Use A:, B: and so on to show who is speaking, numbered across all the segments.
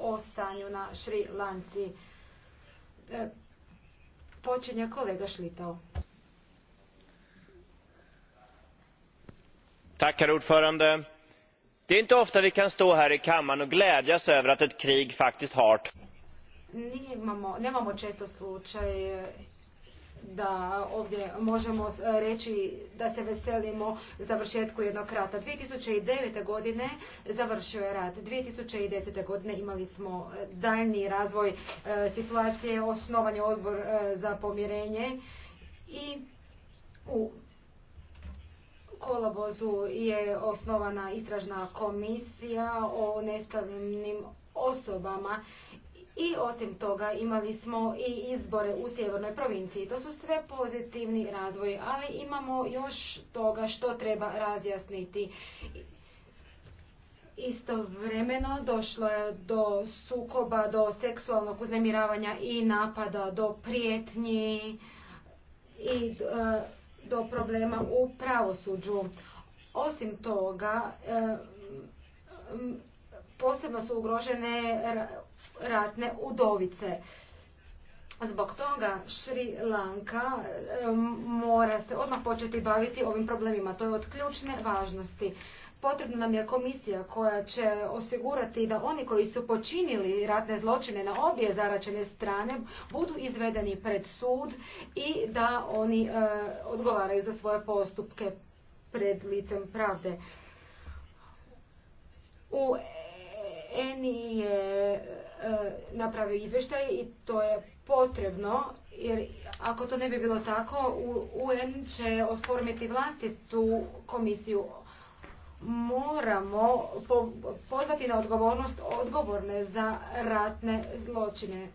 A: o stanju na Šri Lanci. E, počinje kolega Šlitao.
B: Herr ordförande. Det är inte ofta vi kan stå här i kammaren och glädjas över att ett krig faktiskt har...
A: Nemamo, često slučaj e, da ovdje možemo e, reći da se veselimo završetku jednog rata. 2009. godine završio je rat. 2010. godine imali smo e, daljni razvoj e, situacije, osnovanje odbor za pomirenje i u Kolobozu je osnovana istražna komisija o nestalim osobama i osim toga imali smo i izbore u sjevernoj provinciji. To su sve pozitivni razvoji, ali imamo još toga što treba razjasniti. Istovremeno došlo je do sukoba, do seksualnog uznemiravanja i napada, do prijetnji i e, do problema u pravosuđu. Osim toga, e, posebno su ugrožene ratne udovice. Zbog toga Šri Lanka e, mora se odmah početi baviti ovim problemima. To je od ključne važnosti. Potrebna nam je komisija koja će osigurati da oni koji su počinili ratne zločine na obje zaračene strane budu izvedeni pred sud i da oni e, odgovaraju za svoje postupke pred licem pravde. U Eni je E, napravio izvještaj i to je potrebno jer ako to ne bi bilo tako UN će oformiti vlastitu komisiju moramo pozvati na odgovornost odgovorne za ratne zločine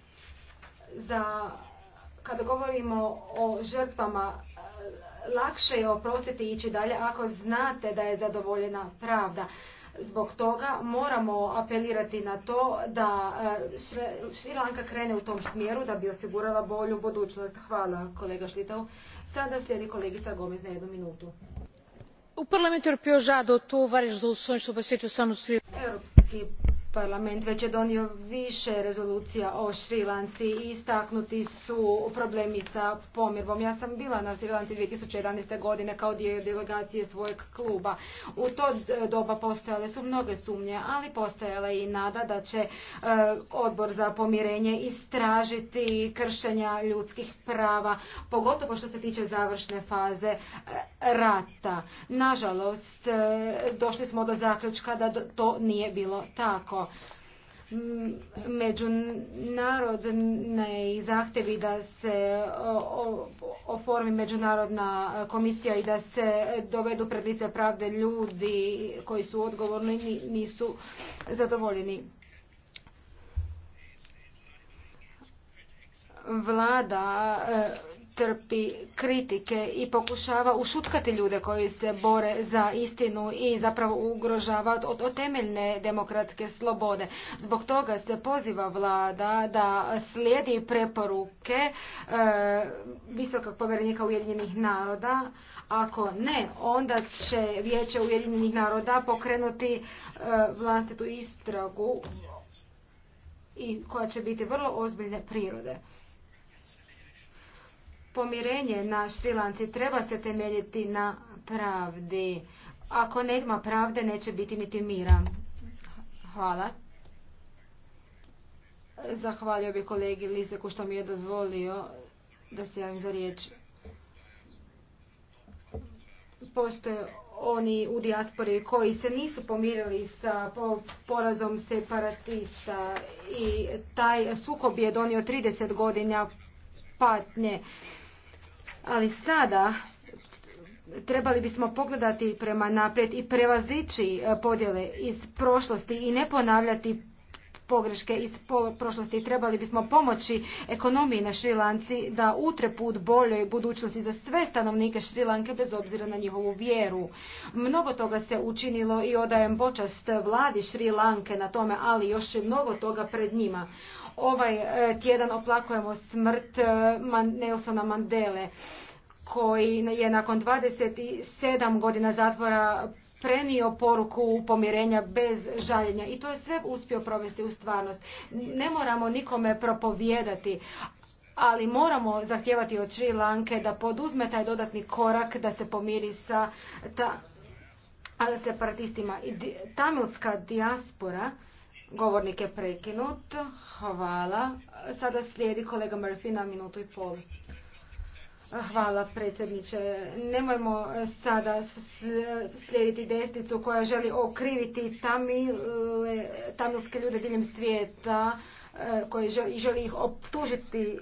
A: za kada govorimo o žrtvama lakše je oprostiti i ići dalje ako znate da je zadovoljena pravda Zbog toga moramo apelirati na to da Šrilanka e, krene u tom smjeru da bi osigurala bolju budućnost. Hvala kolega Šlitav. Sada slijedi kolegica Gomez na jednu minutu. U parlamentu europeu já žado tu resoluções sobre a situação no Sri Europski Parlament već je donio više rezolucija o Šrilanci i istaknuti su problemi sa pomirbom. Ja sam bila na Šrilanci 2011. godine kao dio delegacije svojeg kluba. U to e, doba postojale su mnoge sumnje, ali postojala i nada da će e, odbor za pomirenje istražiti kršenja ljudskih prava, pogotovo što se tiče završne faze e, rata. Nažalost, došli smo do zaključka da to nije bilo tako međunarodne zahtjevi da se oformi međunarodna komisija i da se dovedu pred lice pravde ljudi koji su odgovorni nisu zadovoljeni. Vlada e, trpi kritike i pokušava ušutkati ljude koji se bore za istinu i zapravo ugrožava od temeljne demokratske slobode. Zbog toga se poziva vlada da slijedi preporuke e, visokog povjerenika Ujedinjenih naroda. Ako ne, onda će vijeće Ujedinjenih naroda pokrenuti e, vlastitu istragu i koja će biti vrlo ozbiljne prirode pomirenje na Šrilanci treba se temeljiti na pravdi. Ako nema pravde, neće biti niti mira. Hvala. Zahvalio bi kolegi Liseku što mi je dozvolio da se javim za riječ. Postoje oni u dijaspori koji se nisu pomirili sa porazom separatista i taj sukob je donio 30 godina patnje. Ali sada trebali bismo pogledati prema naprijed i prevazići e, podjele iz prošlosti i ne ponavljati pogreške iz prošlosti. Trebali bismo pomoći ekonomiji na Šrilanci da utre put boljoj budućnosti za sve stanovnike Šrilanke bez obzira na njihovu vjeru. Mnogo toga se učinilo i odajem počast vladi Šrilanke na tome, ali još je mnogo toga pred njima. Ovaj e, tjedan oplakujemo smrt e, Nelsona Mandele koji je nakon 27 godina zatvora prenio poruku pomirenja bez žaljenja i to je sve uspio provesti u stvarnost. Ne moramo nikome propovijedati, ali moramo zahtijevati od Sri Lanke da poduzme taj dodatni korak da se pomiri sa ta, separatistima. Tamilska dijaspora Govornik je prekinut. Hvala. Sada slijedi kolega Murphy na minutu i pol. Hvala predsjedniče. Nemojmo sada slijediti desnicu koja želi okriviti tamile, tamilske ljude diljem svijeta e, koji želi, želi ih optužiti.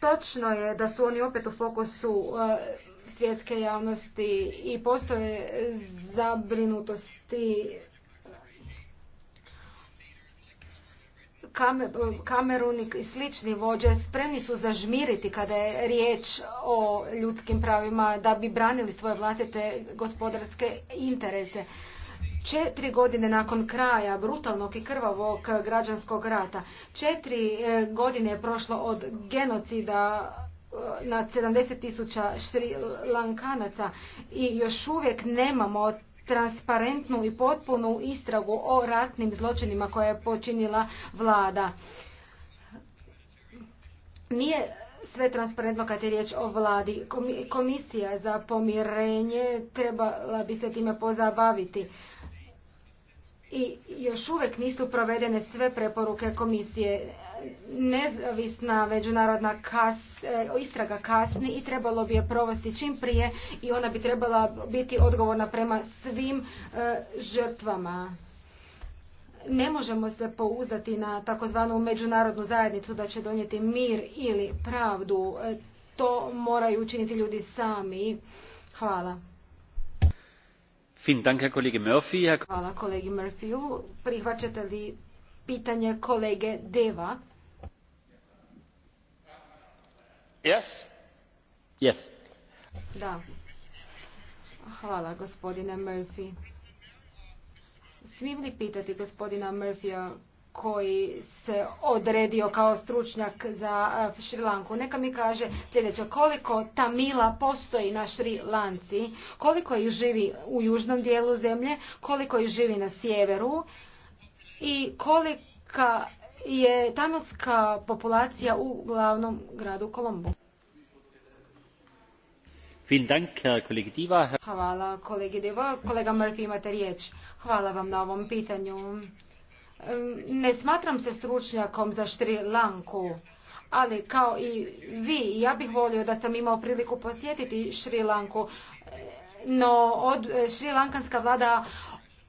A: Točno je da su oni opet u fokusu e, svjetske javnosti i postoje zabrinutosti Kamerunik i slični vođe spremni su zažmiriti kada je riječ o ljudskim pravima da bi branili svoje vlastite gospodarske interese. Četiri godine nakon kraja brutalnog i krvavog građanskog rata, četiri e, godine je prošlo od genocida e, nad 70.000 tisuća šrilankanaca i još uvijek nemamo transparentnu i potpunu istragu o ratnim zločinima koje je počinila vlada. Nije sve transparentno kad je riječ o vladi. Komisija za pomirenje trebala bi se time pozabaviti. I još uvijek nisu provedene sve preporuke komisije nezavisna međunarodna kas, e, istraga kasni i trebalo bi je provesti čim prije i ona bi trebala biti odgovorna prema svim e, žrtvama ne možemo se pouzdati na takozvanu međunarodnu zajednicu da će donijeti mir ili pravdu. E, to moraju učiniti ljudi sami. Hvala. Hvala kolegi Murphy Prihvaćate li pitanje kolege Deva.
C: Yes. Yes.
A: Da. Hvala gospodine Murphy. Smijem li pitati gospodina Murphya koji se odredio kao stručnjak za eh, Šrilanku. Neka mi kaže sljedeće, koliko Tamila postoji na Šrilanci, koliko ih živi u južnom dijelu zemlje, koliko ih živi na sjeveru i kolika je tamilska populacija u glavnom gradu Kolombu. Hvala kolegi Diva. Kolega Murphy imate riječ. Hvala vam na ovom pitanju. Ne smatram se stručnjakom za Šri Lanku, ali kao i vi, ja bih volio da sam imao priliku posjetiti Šri Lanku no od e, šrilankanska vlada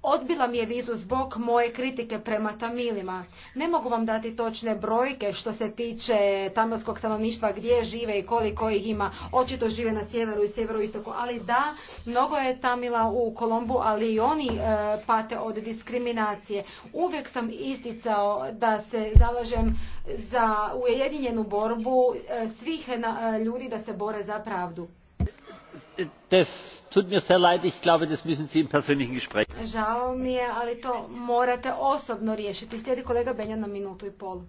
A: Odbila mi je vizu zbog moje kritike prema Tamilima. Ne mogu vam dati točne brojke što se tiče tamilskog stanovništva gdje žive i koliko ih ima. Očito žive na sjeveru i sjeveru istoku, ali da, mnogo je Tamila u Kolombu, ali i oni e, pate od diskriminacije. Uvijek sam isticao da se zalažem za ujedinjenu borbu e, svih e, ljudi da se bore za pravdu. Žao mi je, ali to morate osobno riješiti. Slijedi kolega Benja na minutu i pol.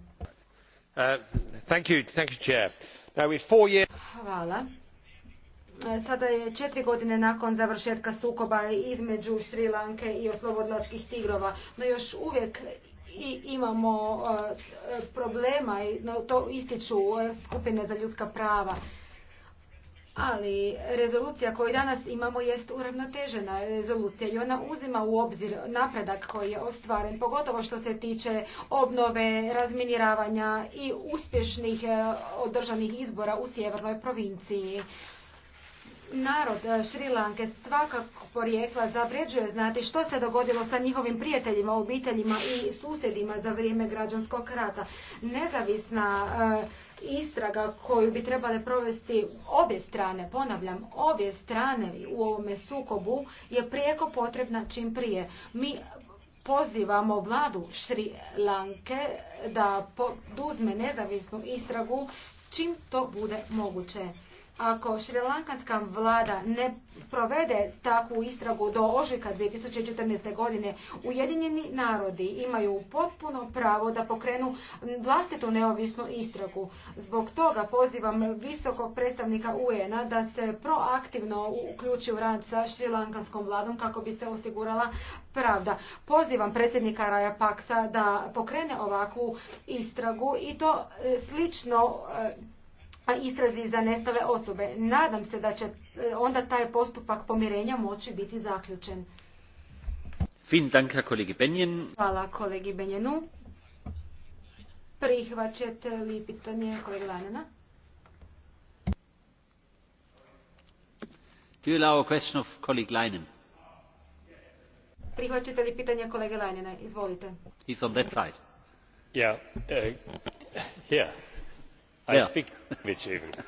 A: Hvala. Sada je četiri godine nakon završetka sukoba između Šrilanke i oslobodlačkih tigrova, no još uvijek i imamo e, e, problema, i to ističu e, skupine za ljudska prava ali rezolucija koju danas imamo jest uravnotežena rezolucija i ona uzima u obzir napredak koji je ostvaren, pogotovo što se tiče obnove, razminiravanja i uspješnih e, održanih izbora u sjevernoj provinciji. Narod Šrilanke svakak porijekla zavređuje znati što se dogodilo sa njihovim prijateljima, obiteljima i susjedima za vrijeme građanskog rata. Nezavisna e, istraga koju bi trebale provesti obje strane, ponavljam, obje strane u ovome sukobu je prijeko potrebna čim prije. Mi pozivamo vladu Šri Lanke da poduzme nezavisnu istragu čim to bude moguće. Ako šrilankanska vlada ne provede takvu istragu do ožika 2014. godine, Ujedinjeni narodi imaju potpuno pravo da pokrenu vlastitu neovisnu istragu. Zbog toga pozivam visokog predstavnika UN-a da se proaktivno uključi u rad sa šrilankanskom vladom kako bi se osigurala pravda. Pozivam predsjednika Raja Paksa da pokrene ovakvu istragu i to e, slično e, pa istrazi za nestave osobe. Nadam se da će e, onda taj postupak pomirenja moći biti zaključen. Hvala kolegi Benjenu. Prihvaćate li pitanje kolege Lanena? Do Prihvaćate li pitanje kolege Leinena? Izvolite.
C: He's on that side. Uh, i speak language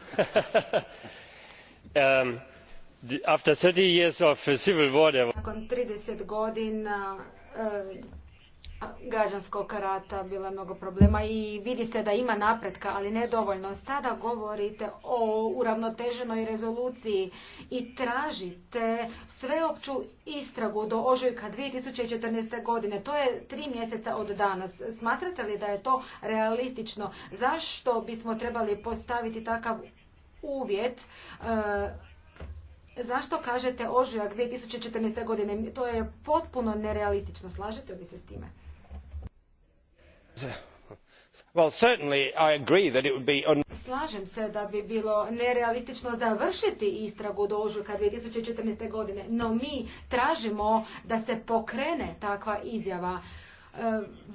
C: um, after
A: nakon trideset godina um, građanskog rata bilo mnogo problema i vidi se da ima napretka, ali ne dovoljno. Sada govorite o uravnoteženoj rezoluciji i tražite sveopću istragu do ožujka 2014. godine. To je tri mjeseca od danas. Smatrate li da je to realistično? Zašto bismo trebali postaviti takav uvjet e, Zašto kažete ožujak 2014. godine? To je potpuno nerealistično. Slažete li se s time? Slažem se da bi bilo nerealistično završiti istragu do ožujka 2014. godine, no mi tražimo da se pokrene takva izjava. E,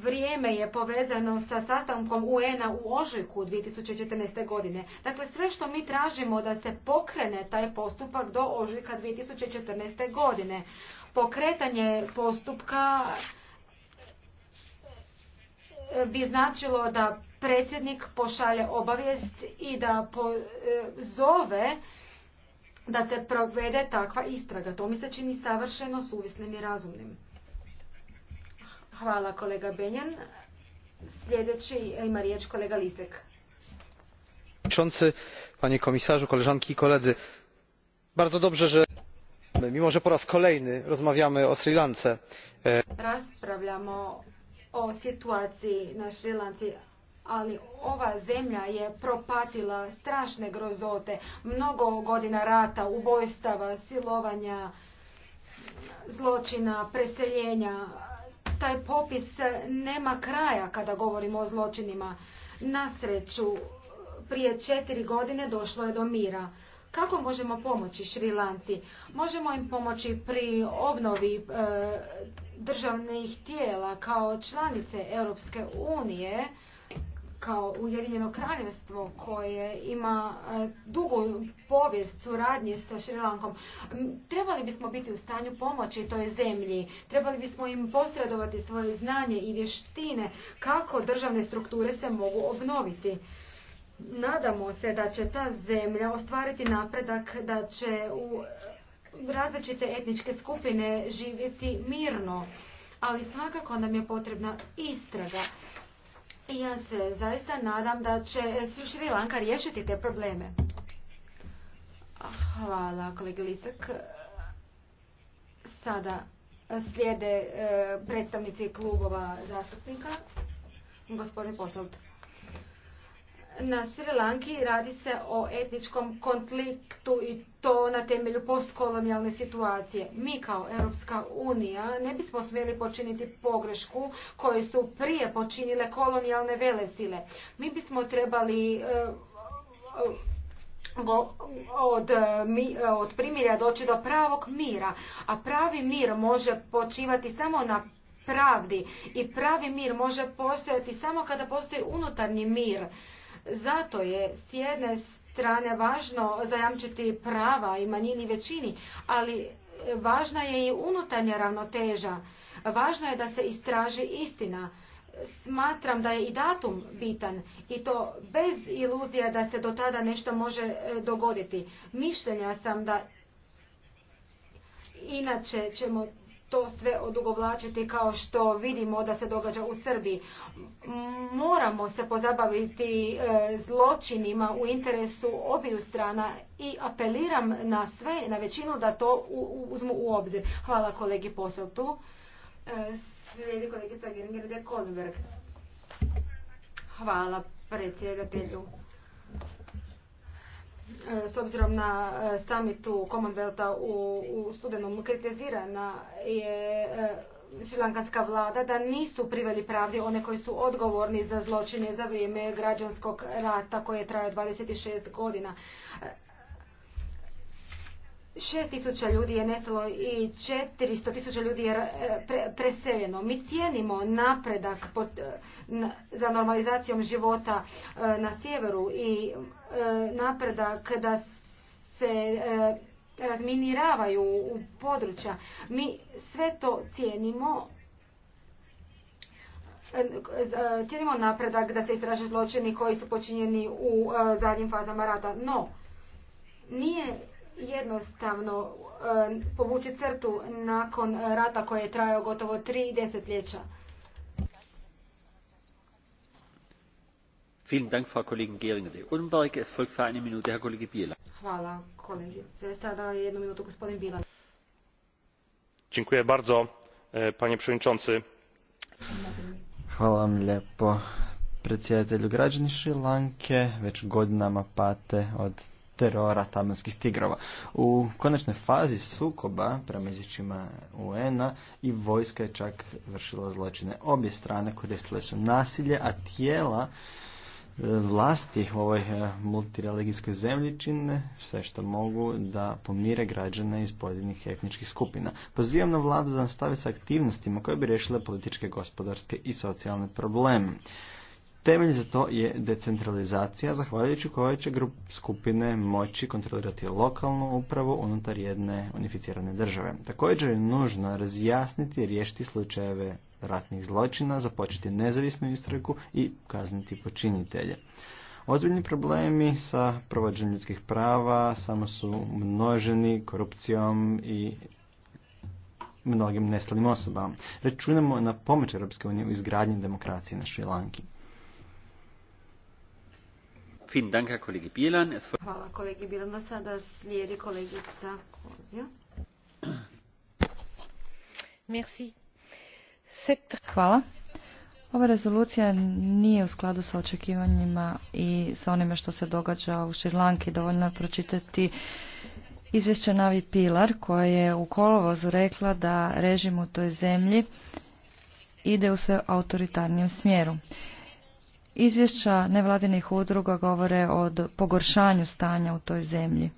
A: vrijeme je povezano sa sastankom UN-a u ožujku 2014. godine. Dakle, sve što mi tražimo da se pokrene taj postupak do ožujka 2014. godine. Pokretanje postupka bi značilo da predsjednik pošalje obavijest i da pozove e, da se provede takva istraga. To mi se čini savršeno suvislim i razumnim. Hvala kolega Benjan. Sljedeći e, ima riječ kolega Lisek.
B: Panie komisarzu, koleżanki i koledzy, bardzo dobrze, że mimo że po raz kolejny rozmawiamy o Sri Lance. E,
A: Raspravljamo o situaciji na Šrilanci, ali ova zemlja je propatila strašne grozote, mnogo godina rata, ubojstava, silovanja, zločina, preseljenja. Taj popis nema kraja kada govorimo o zločinima. Na sreću, prije četiri godine došlo je do mira. Kako možemo pomoći Šrilanci? Možemo im pomoći pri obnovi e, državnih tijela kao članice Europske unije, kao Ujedinjeno kraljevstvo koje ima e, dugu povijest suradnje sa Šrilankom, trebali bismo biti u stanju pomoći toj zemlji, trebali bismo im posredovati svoje znanje i vještine kako državne strukture se mogu obnoviti. Nadamo se da će ta zemlja ostvariti napredak, da će u različite etničke skupine živjeti mirno, ali svakako nam je potrebna istraga. Ja se zaista nadam da će Šri Lanka riješiti te probleme. Hvala, kolega Lisak. Sada slijede e, predstavnici klubova zastupnika. Gospodin Posolt na Sri Lanki radi se o etničkom konfliktu i to na temelju postkolonijalne situacije. Mi kao Europska unija ne bismo smjeli počiniti pogrešku koju su prije počinile kolonijalne velesile. Mi bismo trebali e, e, od, e, od primirja doći do pravog mira, a pravi mir može počivati samo na pravdi i pravi mir može postojati samo kada postoji unutarnji mir. Zato je s jedne strane važno zajamčiti prava i manjini većini, ali važna je i unutarnja ravnoteža. Važno je da se istraži istina. Smatram da je i datum bitan i to bez iluzija da se do tada nešto može e, dogoditi. Mišljenja sam da inače ćemo to sve odugovlačiti kao što vidimo da se događa u Srbiji. Moramo se pozabaviti e, zločinima u interesu obiju strana i apeliram na sve, na većinu da to uzmu u obzir. Hvala kolegi Poseltu. E, slijedi kolegica Geringer de Hvala predsjedatelju s obzirom na eh, samitu Commonwealtha u, studenom kritizirana je eh, Šilankanska vlada da nisu priveli pravdi one koji su odgovorni za zločine za vrijeme građanskog rata koje traje trajao 26 godina šest tisuća ljudi je nestalo i 400 tisuća ljudi je eh, preseljeno. Mi cijenimo napredak eh, za normalizacijom života eh, na sjeveru i napredak da se razminiravaju u područja. Mi sve to cijenimo cijenimo napredak da se istraže zločini koji su počinjeni u zadnjim fazama rata. No, nije jednostavno e, povući crtu nakon rata koji je trajao gotovo tri desetljeća. Hvala kolegice. Sada jednu minutu gospodin Bilan.
C: Dziękuję bardzo, e, panie przewodniczący.
B: Hvala vam lijepo predsjedatelju građani Lanke. već godinama pate od terora tamanskih tigrova. U konačnoj fazi sukoba, prema izvješćima UN-a, i vojska je čak vršila zločine. Obje strane koristile su nasilje, a tijela e, vlasti u ovoj e, multireligijskoj zemlji čine sve što mogu da pomire građane iz pojedinih etničkih skupina. Pozivam na vladu da nastavi sa aktivnostima koje bi riješile političke, gospodarske i socijalne probleme. Temelj za to je decentralizacija, zahvaljujući koje će grup skupine moći kontrolirati lokalnu upravu unutar jedne unificirane države. Također je nužno razjasniti i riješiti slučajeve ratnih zločina, započeti nezavisnu istragu i kazniti počinitelje. Ozbiljni problemi sa provođenjem ljudskih prava samo su množeni korupcijom i mnogim nestalim osobama. Računamo na pomoć Europske unije u izgradnji demokracije na Šrilanki.
C: Hvala
A: slijedi kolegica
D: Ova rezolucija nije u skladu sa očekivanjima i sa onime što se događa u Šrilanki. Dovoljno je pročitati izvješće Navi Pilar koja je u kolovozu rekla da režim u toj zemlji ide u sve autoritarnijem smjeru. Izvješća nevladinih udruga govore o pogoršanju stanja u toj zemlji,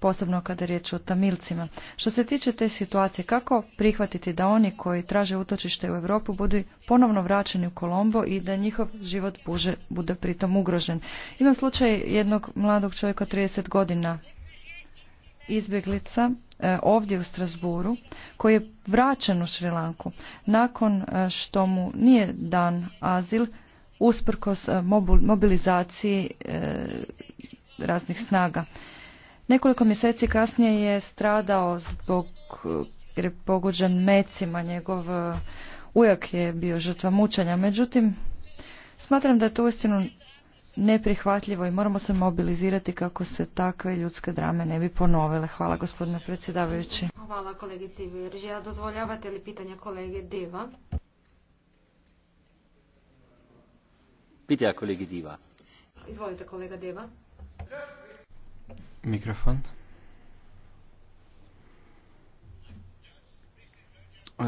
D: posebno kada je riječ o tamilcima. Što se tiče te situacije, kako prihvatiti da oni koji traže utočište u Europu budu ponovno vraćeni u Kolombo i da njihov život buže, bude pritom ugrožen? Imam slučaj jednog mladog čovjeka 30 godina, izbjeglica, e, ovdje u Strasburu koji je vraćen u Šrilanku nakon e, što mu nije dan azil usprkos e, mobilizaciji e, raznih snaga. Nekoliko mjeseci kasnije je stradao zbog jer je pogođen mecima, njegov e, ujak je bio žrtva mučenja. Međutim, smatram da je to uistinu neprihvatljivo i moramo se mobilizirati kako se takve ljudske drame ne bi ponovile. Hvala gospodine predsjedavajući.
A: Hvala kolegici Viržija. Dozvoljavate li pitanja kolege Diva?
C: kolegi Diva.
A: Izvolite, kolega Deva.
B: Mikrofon.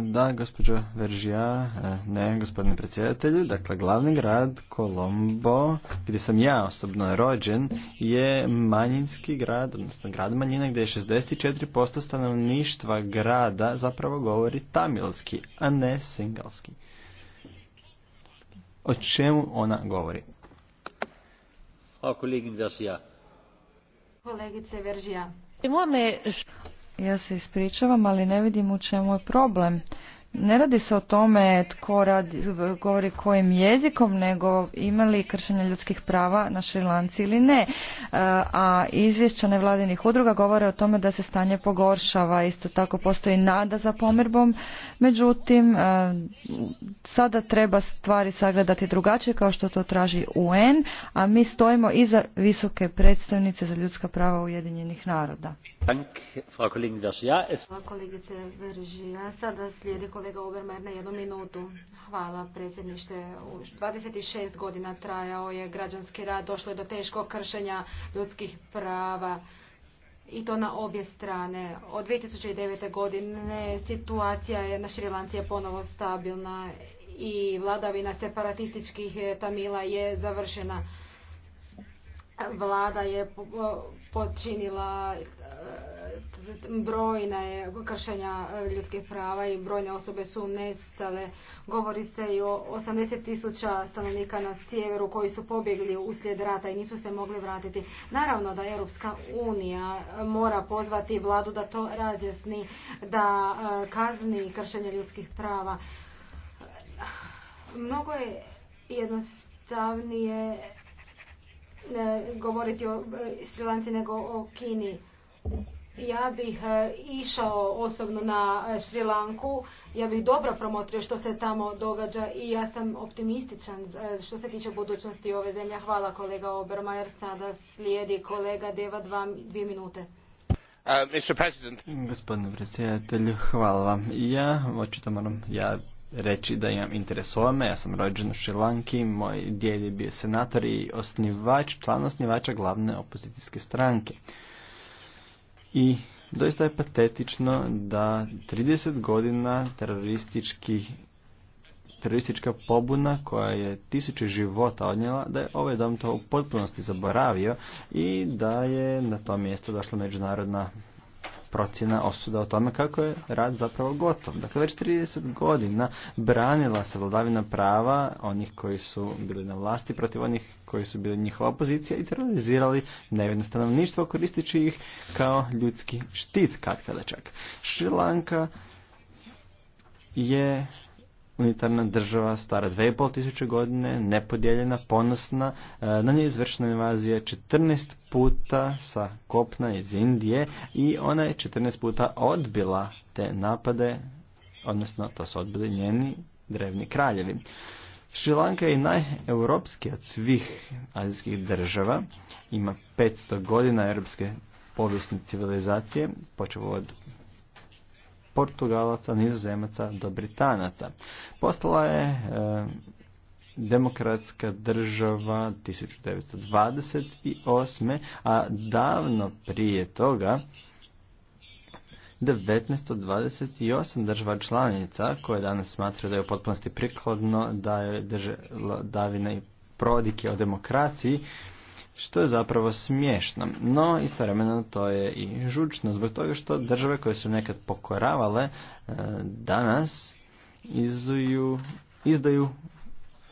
B: Da, gospođo Veržija, e, ne, gospodine predsjedatelju, dakle glavni grad Kolombo, gdje sam ja osobno rođen, je manjinski grad, odnosno grad manjina gdje je 64% stanovništva grada zapravo govori tamilski, a ne singalski o čemu ona govori.
A: Kolegice Veržija.
D: Ja se ispričavam, ali ne vidim u čemu je problem. Ne radi se o tome tko radi, govori kojim jezikom, nego ima li kršenje ljudskih prava na Šrilanci ili ne. E, a izvješća nevladinih udruga govore o tome da se stanje pogoršava. Isto tako postoji nada za pomirbom. Međutim, e, sada treba stvari sagledati drugačije kao što to traži UN, a mi stojimo iza visoke predstavnice za ljudska prava Ujedinjenih naroda.
C: Hvala
A: kolegice Sada slijedi kolega Obermeier na jednu minutu. Hvala predsjednište. U 26 godina trajao je građanski rad. Došlo je do teškog kršenja ljudskih prava i to na obje strane. Od 2009. godine situacija je na Šrilanci je ponovo stabilna i vladavina separatističkih Tamila je završena. Vlada je počinila e, brojne kršenja e, ljudskih prava i brojne osobe su nestale. Govori se i o 80 tisuća stanovnika na sjeveru koji su pobjegli uslijed rata i nisu se mogli vratiti. Naravno da Europska unija mora pozvati vladu da to razjasni, da e, kazni kršenje ljudskih prava. Mnogo je jednostavnije govoriti o e, Lanci nego o Kini. Ja bih e, išao osobno na e, Lanku, ja bih dobro promotrio što se tamo događa i ja sam optimističan što se tiče budućnosti ove zemlje. Hvala kolega Obermajer, sada slijedi kolega Deva dva, dvije minute.
B: Uh, Mr. President. Gospodine predsjedatelju, hvala vam. Ja očito moram ja reći da imam interes ovome. Ja sam rođen u Šrilanki, moj djed je bio senator i osnivač, član osnivača glavne opozicijske stranke. I doista je patetično da 30 godina terorističkih, teroristička pobuna koja je tisuće života odnijela, da je ovaj dom to u potpunosti zaboravio i da je na to mjesto došla međunarodna procjena osuda o tome kako je rad zapravo gotov. Dakle, već 30 godina branila se vladavina prava onih koji su bili na vlasti protiv onih koji su bili njihova opozicija i terorizirali nevjedno stanovništvo koristići ih kao ljudski štit kad kada čak. Šrilanka je unitarna država stara 2500 godine, nepodijeljena, ponosna. E, na nje je izvršena invazija 14 puta sa kopna iz Indije i ona je 14 puta odbila te napade, odnosno to su odbili njeni drevni kraljevi. Šrilanka je najeuropski od svih azijskih država, ima 500 godina europske povijesne civilizacije, počeo od Portugalaca, Nizozemaca do Britanaca. Postala je eh, demokratska država 1928. a davno prije toga 1928 država članica koje danas smatra da je u potpunosti prikladno da je i prodike o demokraciji što je zapravo smiješno. No, istovremeno to je i žučno zbog toga što države koje su nekad pokoravale e, danas izuju, izdaju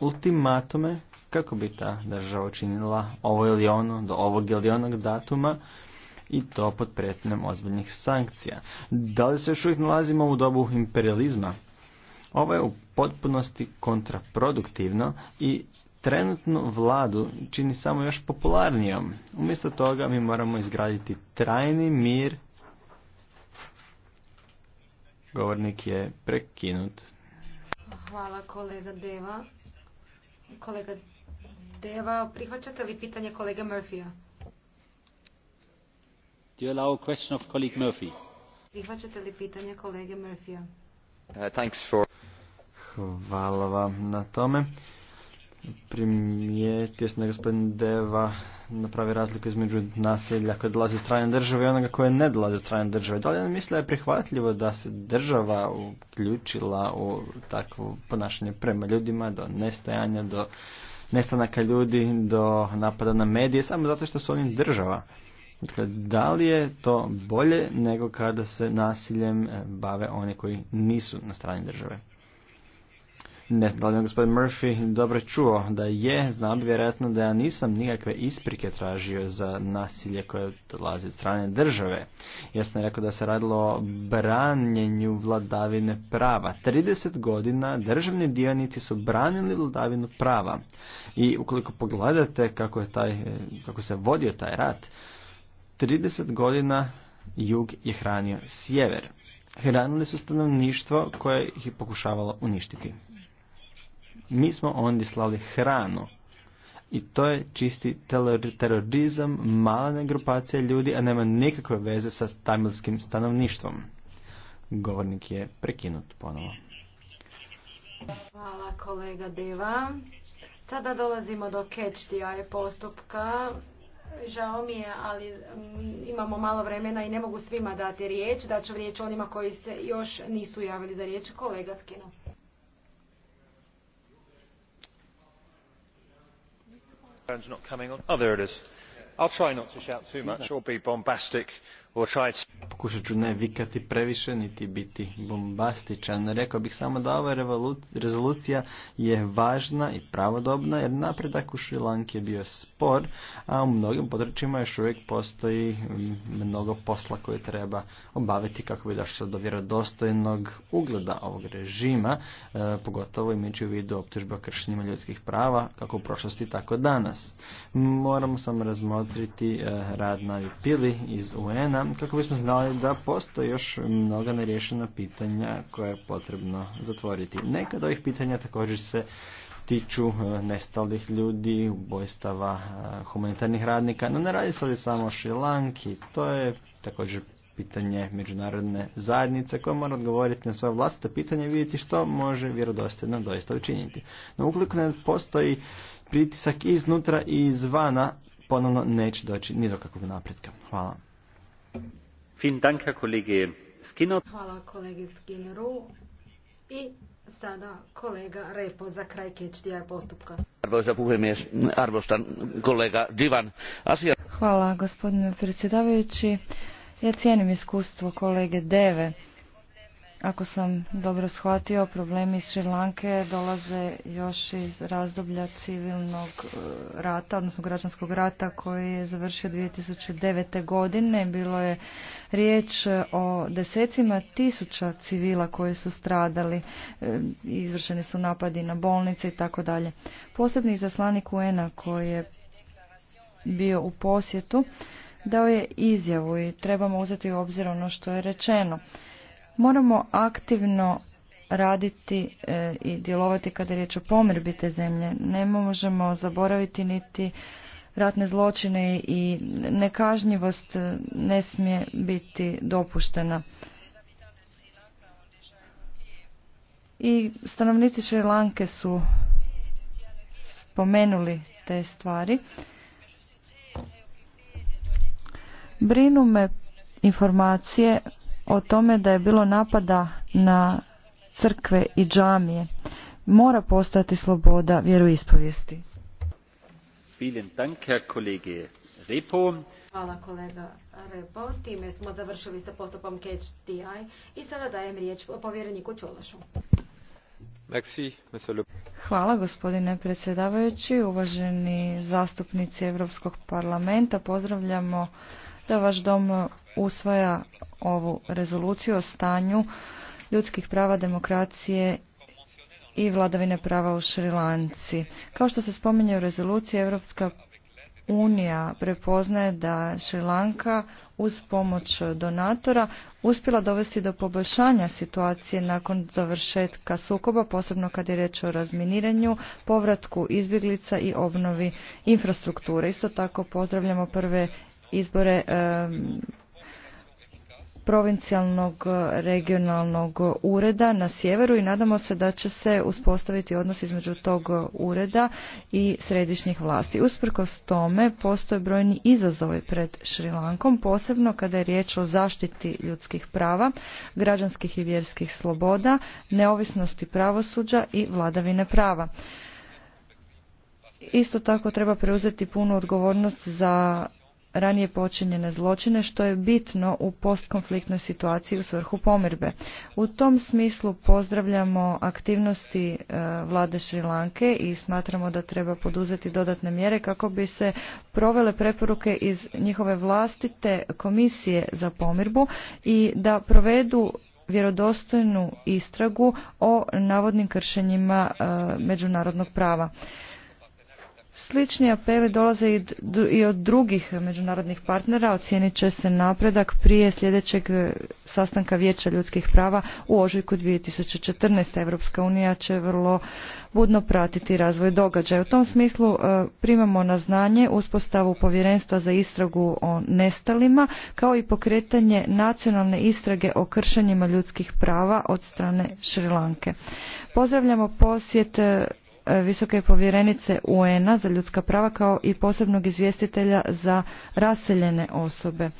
B: ultimatume kako bi ta država učinila ovo ili ono do ovog ili onog datuma i to pod pretnjem ozbiljnih sankcija. Da li se još uvijek nalazimo u dobu imperializma? Ovo je u potpunosti kontraproduktivno i trenutnu vladu čini samo još popularnijom. Umjesto toga mi moramo izgraditi trajni mir. Govornik je prekinut.
A: Hvala kolega Deva. Kolega Deva, prihvaćate li pitanje kolege Murphyja.
C: Do you allow a question of colleague Murphy?
A: Prihvaćate li pitanje kolege murphy
B: uh, thanks for... Hvala vam na tome primijetio sam da gospodin Deva napravi razliku između nasilja koje dolazi strane države i onoga koje ne dolazi strane države. Da li on da je prihvatljivo da se država uključila u takvo ponašanje prema ljudima, do nestajanja, do nestanaka ljudi, do napada na medije, samo zato što su oni država? Dakle, da li je to bolje nego kada se nasiljem bave oni koji nisu na strani države? Ne znam da li gospodin Murphy dobro čuo da je, znam vjerojatno da ja nisam nikakve isprike tražio za nasilje koje dolazi od strane države. Ja sam rekao da se radilo o branjenju vladavine prava. 30 godina državni dionici su branili vladavinu prava. I ukoliko pogledate kako, je taj, kako se vodio taj rat, 30 godina jug je hranio sjever. Hranili su stanovništvo koje ih je pokušavalo uništiti. Mi smo ondje slali hranu. I to je čisti terorizam, mala grupacija ljudi, a nema nikakve veze sa tamilskim stanovništvom. Govornik je prekinut ponovo.
A: Hvala kolega Deva. Sada dolazimo do catch the postupka. Žao mi je, ali mm, imamo malo vremena i ne mogu svima dati riječ. Daću riječ onima koji se još nisu javili za riječ. Kolega skinu.
C: not coming on. Oh, there it is. I'll try not to shout too much or be
B: bombastic Pokušat ću ne vikati previše, niti biti bombastičan. Rekao bih samo da ova rezolucija je važna i pravodobna, jer napredak u Šrilanki je bio spor, a u mnogim područjima još uvijek postoji mnogo posla koje treba obaviti kako bi došlo do vjerodostojnog ugleda ovog režima, e, pogotovo imajući u vidu optužbe o kršenjima ljudskih prava, kako u prošlosti, tako danas. Moramo sam razmotriti e, rad na Pili iz UN-a, kako bismo znali da postoje još mnoga nerješena pitanja koje je potrebno zatvoriti. Neka od ovih pitanja također se tiču e, nestalih ljudi, ubojstava e, humanitarnih radnika, no ne radi se ovdje samo o Šilanki, to je također pitanje međunarodne zajednice koje mora odgovoriti na svoje vlastite pitanje i vidjeti što može vjerodostojno doista učiniti. No ukoliko ne postoji pritisak iznutra i izvana, ponovno neće doći ni do kakvog napretka. Hvala.
A: Hvala kolegi Skinneru. I sada kolega Repo za kraj kečtija postupka.
C: Arvoisa puhemies, Divan.
D: Hvala gospodine predsjedavajući. Ja cijenim iskustvo kolege Deve ako sam dobro shvatio, problemi iz Šrilanke dolaze još iz razdoblja civilnog e, rata, odnosno građanskog rata koji je završio 2009. godine. Bilo je riječ o desecima tisuća civila koji su stradali, e, izvršeni su napadi na bolnice i tako dalje. Posebni zaslanik Uena koji je bio u posjetu dao je izjavu i trebamo uzeti u obzir ono što je rečeno. Moramo aktivno raditi e, i djelovati kada je riječ o pomirbi te zemlje. Ne možemo zaboraviti niti ratne zločine i nekažnjivost e, ne smije biti dopuštena. I stanovnici Šrilanke su spomenuli te stvari. Brinu me informacije o tome da je bilo napada na crkve i džamije. Mora postojati sloboda vjeroispovijesti.
A: Hvala kolega Repo. Time smo završili sa postupom Catch i sada dajem riječ povjereniku Čološu.
D: Hvala gospodine predsjedavajući, uvaženi zastupnici Europskog parlamenta. Pozdravljamo da vaš dom usvaja ovu rezoluciju o stanju ljudskih prava, demokracije i vladavine prava u Šrilanci. Kao što se spominje u rezoluciji, Europska Unija prepoznaje da Šrilanka uz pomoć donatora uspjela dovesti do poboljšanja situacije nakon završetka sukoba, posebno kad je reč o razminiranju, povratku izbjeglica i obnovi infrastrukture. Isto tako pozdravljamo prve izbore provincijalnog e, regionalnog ureda na sjeveru i nadamo se da će se uspostaviti odnos između tog ureda i središnjih vlasti. Usprkos tome postoje brojni izazovi pred Šrilankom, posebno kada je riječ o zaštiti ljudskih prava, građanskih i vjerskih sloboda, neovisnosti pravosuđa i vladavine prava. Isto tako treba preuzeti punu odgovornost za ranije počinjene zločine što je bitno u postkonfliktnoj situaciji u svrhu pomirbe. U tom smislu pozdravljamo aktivnosti e, vlade Šrilanke i smatramo da treba poduzeti dodatne mjere kako bi se provele preporuke iz njihove vlastite komisije za pomirbu i da provedu vjerodostojnu istragu o navodnim kršenjima e, međunarodnog prava. Slični apeli dolaze i od drugih međunarodnih partnera. Ocijenit će se napredak prije sljedećeg e, sastanka Vijeća ljudskih prava u ožujku 2014. Europska unija će vrlo budno pratiti razvoj događaja. U tom smislu e, primamo na znanje uspostavu povjerenstva za istragu o nestalima kao i pokretanje nacionalne istrage o kršenjima ljudskih prava od strane Šrilanke. Pozdravljamo posjet e, visoke povjerenice UN-a za ljudska prava kao i posebnog izvjestitelja za raseljene osobe.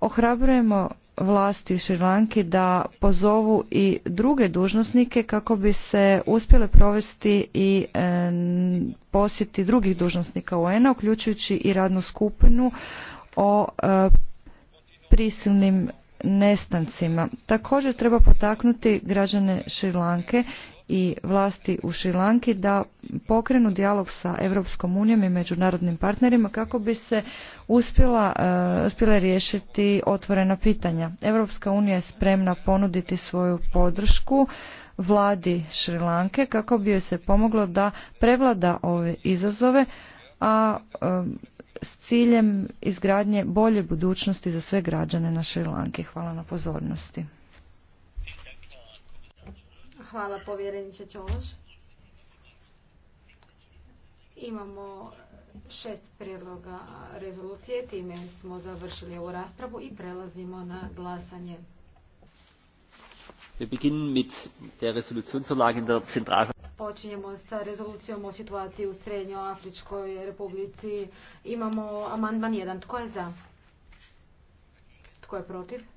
D: Ohrabrujemo vlasti Šrilanki da pozovu i druge dužnosnike kako bi se uspjele provesti i e, posjeti drugih dužnosnika UN-a, uključujući i radnu skupinu o e, prisilnim nestancima. Također treba potaknuti građane Šrilanke i vlasti u Šrilanki da pokrenu dijalog sa Europskom unijom i međunarodnim partnerima kako bi se uspjela, uh, uspjela riješiti otvorena pitanja. Europska unija je spremna ponuditi svoju podršku vladi Šrilanke kako bi joj se pomoglo da prevlada ove izazove, a e, s ciljem izgradnje bolje budućnosti za sve građane na Šrilanki. Hvala na pozornosti.
A: Hvala povjereniče Čološ. Imamo šest prijedloga rezolucije. Time smo završili ovu raspravu i prelazimo na glasanje.
C: Wir beginnen mit der Resolutionsverlage in der
A: Počinjemo sa rezolucijom o situaciji u Srednjoafričkoj republici. Imamo amandman 1. Tko je za? Tko je protiv?